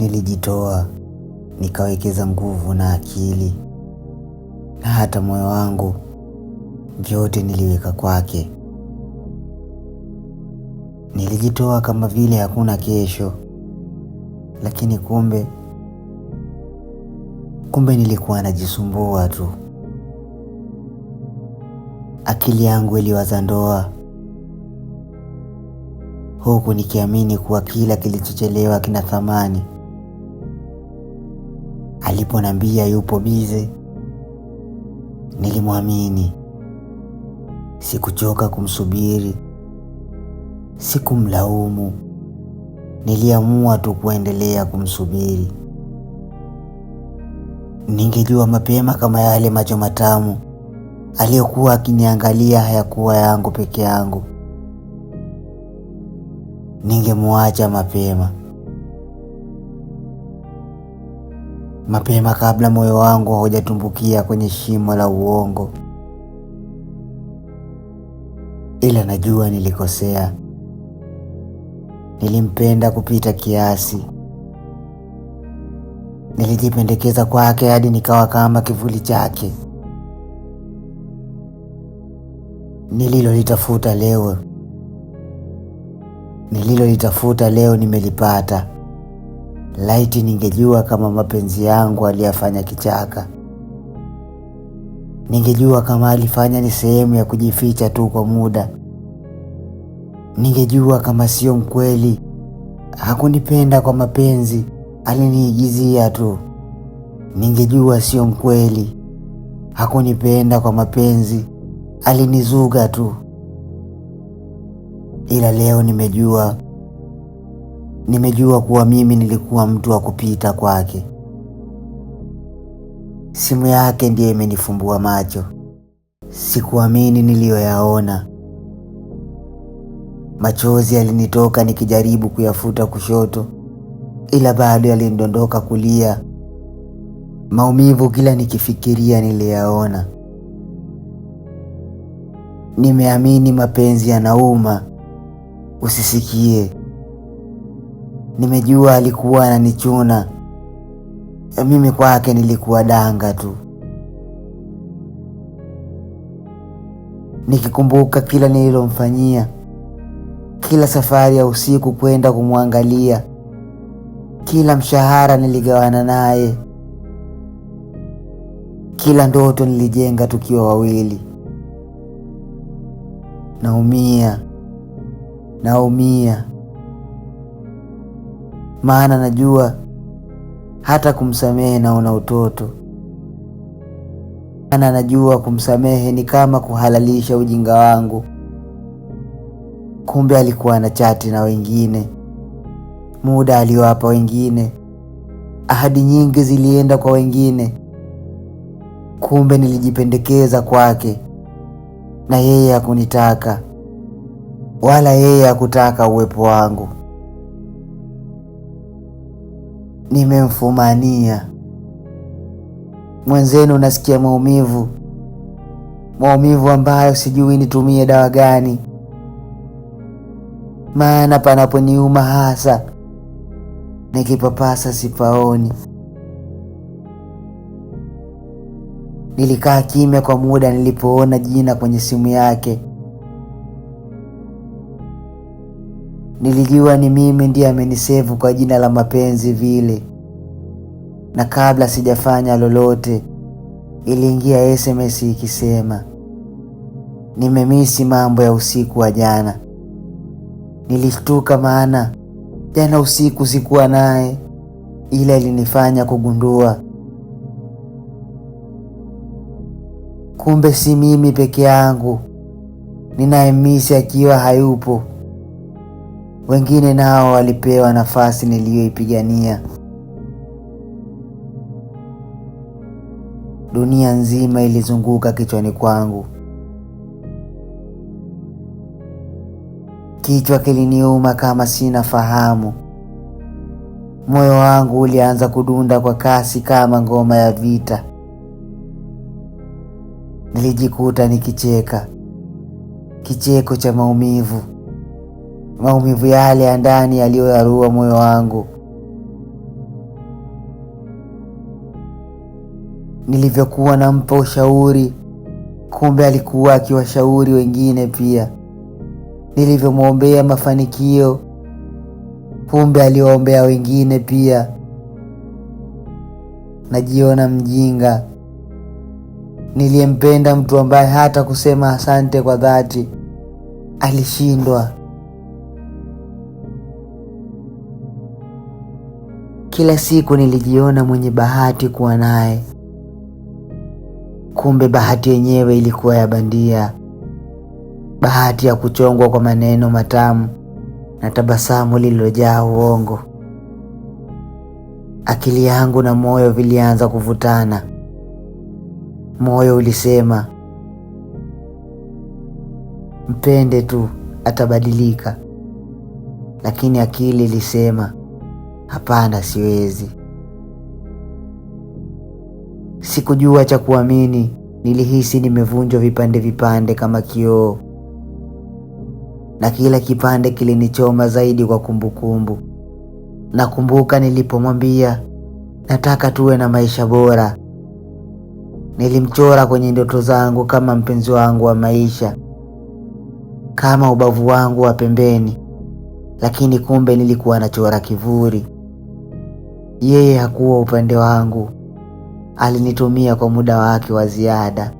Nilijitoa, nikawekeza nguvu na akili na hata moyo wangu, vyote niliweka kwake. Nilijitoa kama vile hakuna kesho, lakini kumbe kumbe nilikuwa najisumbua tu. Akili yangu iliwaza ndoa, huku nikiamini kuwa kila kilichochelewa kina thamani aliponambia yupo bize, nilimwamini. Sikuchoka kumsubiri, sikumlaumu. Niliamua tu kuendelea kumsubiri. Ningejua mapema kama yale macho matamu aliyokuwa akiniangalia hayakuwa yangu peke yangu, ningemwacha mapema. mapema kabla moyo wangu haujatumbukia kwenye shimo la uongo. Ila najua nilikosea. Nilimpenda kupita kiasi. Nilijipendekeza kwake hadi nikawa kama kivuli chake. Nililolitafuta leo, nililolitafuta leo nimelipata. Laiti ningejua kama mapenzi yangu aliyafanya kichaka, ningejua kama alifanya ni sehemu ya kujificha tu kwa muda, ningejua kama sio mkweli. Hakunipenda kwa mapenzi, aliniigizia tu. Ningejua sio mkweli. Hakunipenda kwa mapenzi, alinizuga tu. Ila leo nimejua Nimejua kuwa mimi nilikuwa mtu wa kupita kwake. Simu yake ndiye imenifumbua macho. Sikuamini niliyoyaona. Machozi yalinitoka nikijaribu kuyafuta kushoto, ila bado yalinidondoka kulia. Maumivu kila nikifikiria niliyaona. Nimeamini mapenzi yanauma, usisikie Nimejua alikuwa ananichuna mimi, kwake nilikuwa danga tu. Nikikumbuka kila nililomfanyia, kila safari ya usiku kwenda kumwangalia, kila mshahara niligawana naye, kila ndoto nilijenga tukiwa wawili. Naumia, naumia maana najua hata kumsamehe naona utoto, maana najua kumsamehe ni kama kuhalalisha ujinga wangu. Kumbe alikuwa na chati na wengine, muda aliowapa wengine, ahadi nyingi zilienda kwa wengine. Kumbe nilijipendekeza kwake na yeye hakunitaka wala yeye hakutaka uwepo wangu. nimemfumania. Mwenzenu nasikia maumivu, maumivu ambayo sijui nitumie dawa gani, maana panaponiuma hasa nikipapasa sipaoni. Nilikaa kimya kwa muda nilipoona jina kwenye simu yake. Nilijua ni mimi ndiye amenisevu kwa jina la mapenzi vile, na kabla sijafanya lolote iliingia SMS ikisema nimemisi mambo ya usiku wa jana. Nilishtuka maana jana usiku sikuwa naye, ila ilinifanya kugundua kumbe si mimi peke yangu ninayemisi akiwa hayupo. Wengine nao walipewa nafasi niliyoipigania. Dunia nzima ilizunguka kichwani kwangu. Kichwa kiliniuma kama sina fahamu. Moyo wangu ulianza kudunda kwa kasi kama ngoma ya vita. Nilijikuta nikicheka, kicheko cha maumivu maumivu yale ya ndani yaliyoyarua moyo wangu, nilivyokuwa nampa ushauri, kumbe alikuwa akiwashauri wengine pia, nilivyomwombea mafanikio, kumbe aliwaombea wengine pia. Najiona mjinga niliyempenda mtu ambaye hata kusema asante kwa dhati alishindwa. Kila siku nilijiona mwenye bahati kuwa naye, kumbe bahati yenyewe ilikuwa ya bandia, bahati ya kuchongwa kwa maneno matamu na tabasamu lililojaa uongo. Akili yangu na moyo vilianza kuvutana. Moyo ulisema, mpende tu, atabadilika, lakini akili ilisema Hapana, siwezi. Sikujua cha kuamini. Nilihisi nimevunjwa vipande vipande kama kioo, na kila kipande kilinichoma zaidi kwa kumbukumbu. Nakumbuka nilipomwambia nataka tuwe na maisha bora, nilimchora kwenye ndoto zangu kama mpenzi wangu wa maisha, kama ubavu wangu wa pembeni, lakini kumbe nilikuwa nachora kivuli. Yeye hakuwa upande wangu, alinitumia kwa muda wake wa ziada.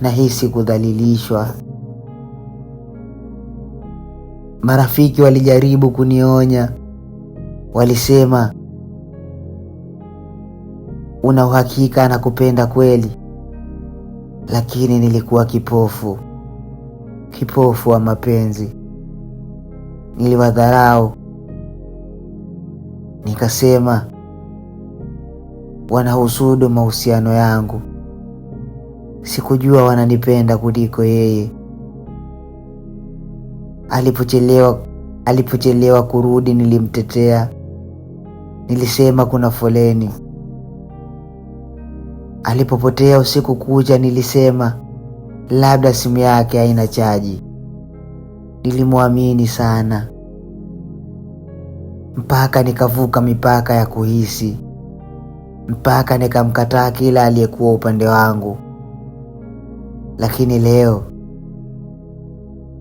Nahisi kudhalilishwa. Marafiki walijaribu kunionya, walisema una uhakika anakupenda kweli, lakini nilikuwa kipofu, kipofu wa mapenzi. Niliwadharau Nikasema wanahusudu mahusiano yangu, sikujua wananipenda kuliko yeye. Alipochelewa alipochelewa kurudi, nilimtetea, nilisema kuna foleni. Alipopotea usiku kucha, nilisema labda simu yake haina chaji. Nilimwamini sana mpaka nikavuka mipaka ya kuhisi, mpaka nikamkataa kila aliyekuwa upande wangu. Lakini leo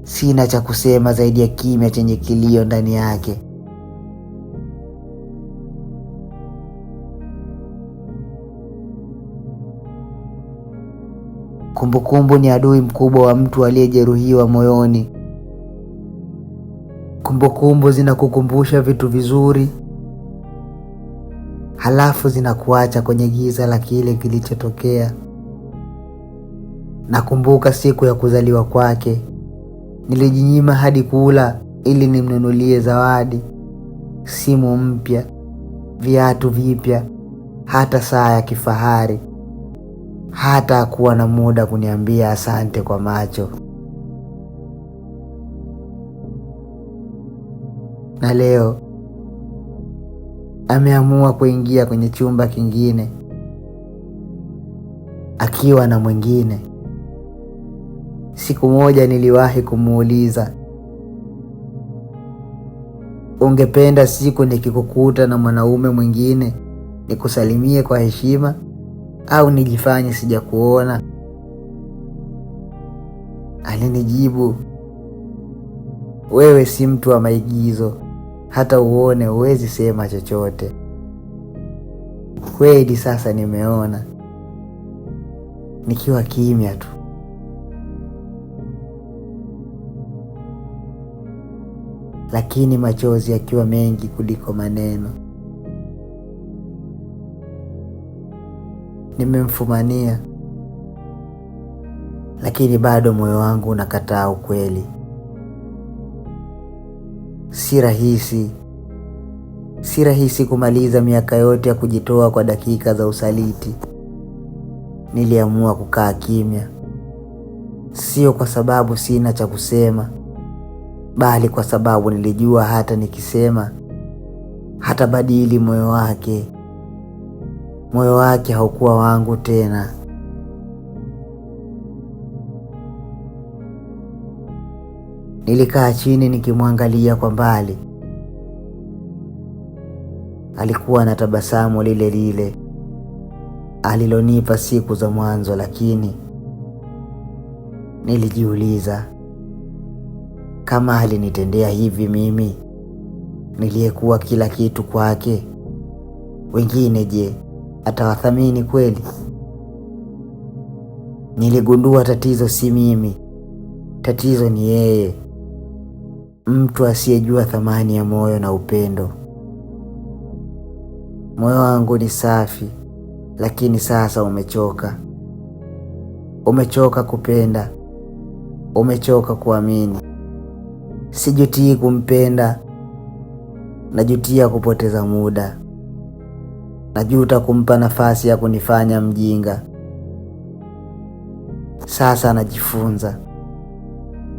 sina cha kusema zaidi ya kimya chenye kilio ndani yake. Kumbukumbu ni adui mkubwa wa mtu aliyejeruhiwa moyoni. Kumbukumbu zinakukumbusha vitu vizuri, halafu zinakuacha kwenye giza la kile kilichotokea. Nakumbuka siku ya kuzaliwa kwake, nilijinyima hadi kula ili nimnunulie zawadi, simu mpya, viatu vipya, hata saa ya kifahari. Hata hakuwa na muda kuniambia asante kwa macho. na leo ameamua kuingia kwenye chumba kingine akiwa na mwingine. Siku moja niliwahi kumuuliza, ungependa siku nikikukuta na mwanaume mwingine nikusalimie kwa heshima au nijifanye sijakuona? Alinijibu, wewe si mtu wa maigizo hata uone, huwezi sema chochote. Kweli sasa nimeona, nikiwa kimya tu. Lakini machozi yakiwa mengi kuliko maneno. Nimemfumania, lakini bado moyo wangu unakataa ukweli si rahisi, si rahisi kumaliza miaka yote ya kujitoa kwa dakika za usaliti. Niliamua kukaa kimya, sio kwa sababu sina cha kusema, bali kwa sababu nilijua hata nikisema hatabadili moyo wake. Moyo wake haukuwa wangu tena. Nilikaa chini nikimwangalia kwa mbali. Alikuwa na tabasamu lile lile alilonipa siku za mwanzo, lakini nilijiuliza kama alinitendea hivi mimi niliyekuwa kila kitu kwake, wengine je, atawathamini kweli? Niligundua tatizo si mimi, tatizo ni yeye mtu asiyejua thamani ya moyo na upendo. Moyo wangu ni safi, lakini sasa umechoka. Umechoka kupenda, umechoka kuamini. Sijutii kumpenda, najutia kupoteza muda. Najuta kumpa nafasi ya kunifanya mjinga. Sasa najifunza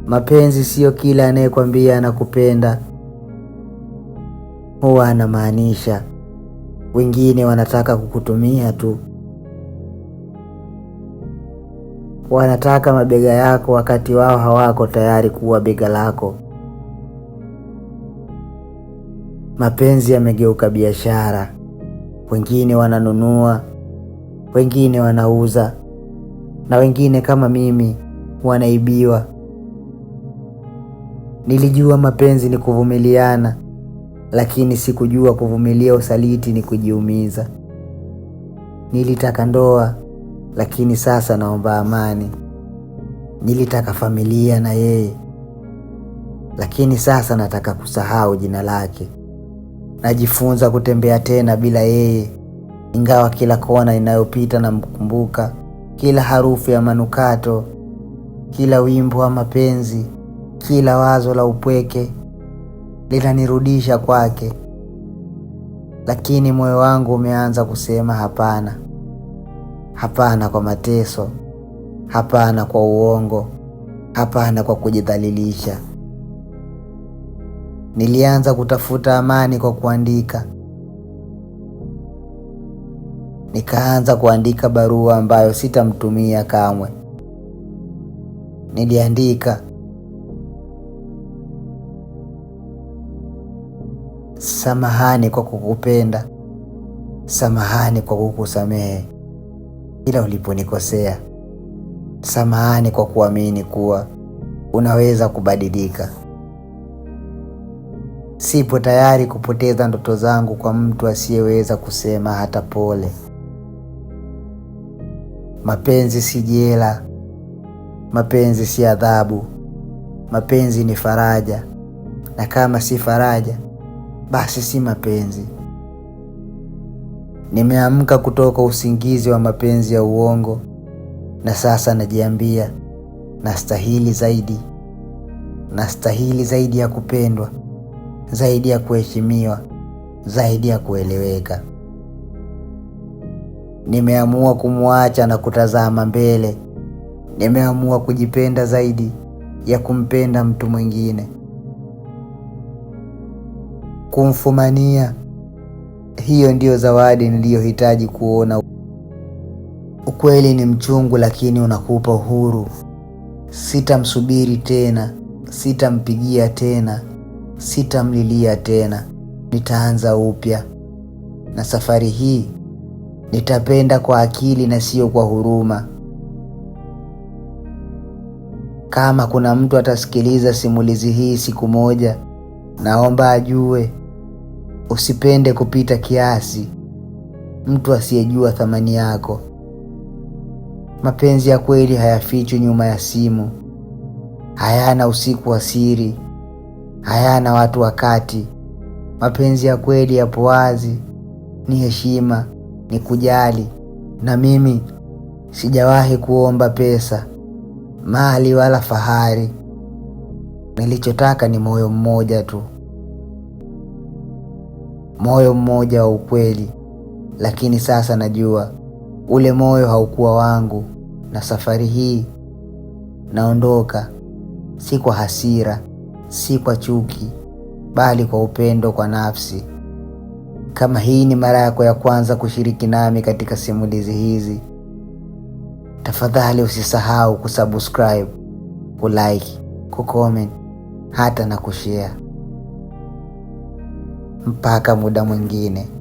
Mapenzi sio kila anayekwambia anakupenda huwa anamaanisha. Wengine wanataka kukutumia tu, wanataka mabega yako wakati wao hawako tayari kuwa bega lako. Mapenzi yamegeuka biashara, wengine wananunua, wengine wanauza, na wengine kama mimi wanaibiwa. Nilijua mapenzi ni kuvumiliana, lakini sikujua kuvumilia usaliti ni kujiumiza. Nilitaka ndoa, lakini sasa naomba amani. Nilitaka familia na yeye, lakini sasa nataka kusahau jina lake. Najifunza kutembea tena bila yeye, ingawa kila kona inayopita namkumbuka, kila harufu ya manukato, kila wimbo wa mapenzi kila wazo la upweke linanirudisha kwake, lakini moyo wangu umeanza kusema hapana. Hapana kwa mateso, hapana kwa uongo, hapana kwa kujidhalilisha. Nilianza kutafuta amani kwa kuandika. Nikaanza kuandika barua ambayo sitamtumia kamwe. Niliandika Samahani kwa kukupenda, samahani kwa kukusamehe ila uliponikosea, samahani kwa kuamini kuwa unaweza kubadilika. Sipo tayari kupoteza ndoto zangu kwa mtu asiyeweza kusema hata pole. Mapenzi si jela, mapenzi si adhabu, mapenzi ni faraja, na kama si faraja basi si mapenzi. Nimeamka kutoka usingizi wa mapenzi ya uongo, na sasa najiambia nastahili zaidi, nastahili zaidi ya kupendwa, zaidi ya kuheshimiwa, zaidi ya kueleweka. Nimeamua kumwacha na kutazama mbele. Nimeamua kujipenda zaidi ya kumpenda mtu mwingine kumfumania. Hiyo ndiyo zawadi niliyohitaji kuona. Ukweli ni mchungu, lakini unakupa uhuru. Sitamsubiri tena, sitampigia tena, sitamlilia tena. Nitaanza upya, na safari hii nitapenda kwa akili na sio kwa huruma. Kama kuna mtu atasikiliza simulizi hii siku moja, naomba ajue Usipende kupita kiasi mtu asiyejua thamani yako. Mapenzi ya kweli hayafichwi nyuma ya simu, hayana usiku wa siri, hayana watu wa kati. Mapenzi ya kweli yapo wazi, ni heshima, ni kujali. Na mimi sijawahi kuomba pesa, mali wala fahari. Nilichotaka ni moyo mmoja tu moyo mmoja wa ukweli. Lakini sasa najua ule moyo haukuwa wangu, na safari hii naondoka, si kwa hasira, si kwa chuki, bali kwa upendo kwa nafsi. Kama hii ni mara yako ya kwanza kushiriki nami katika simulizi hizi, tafadhali usisahau kusubscribe, kulike, kucomment hata na kushare mpaka muda mwingine.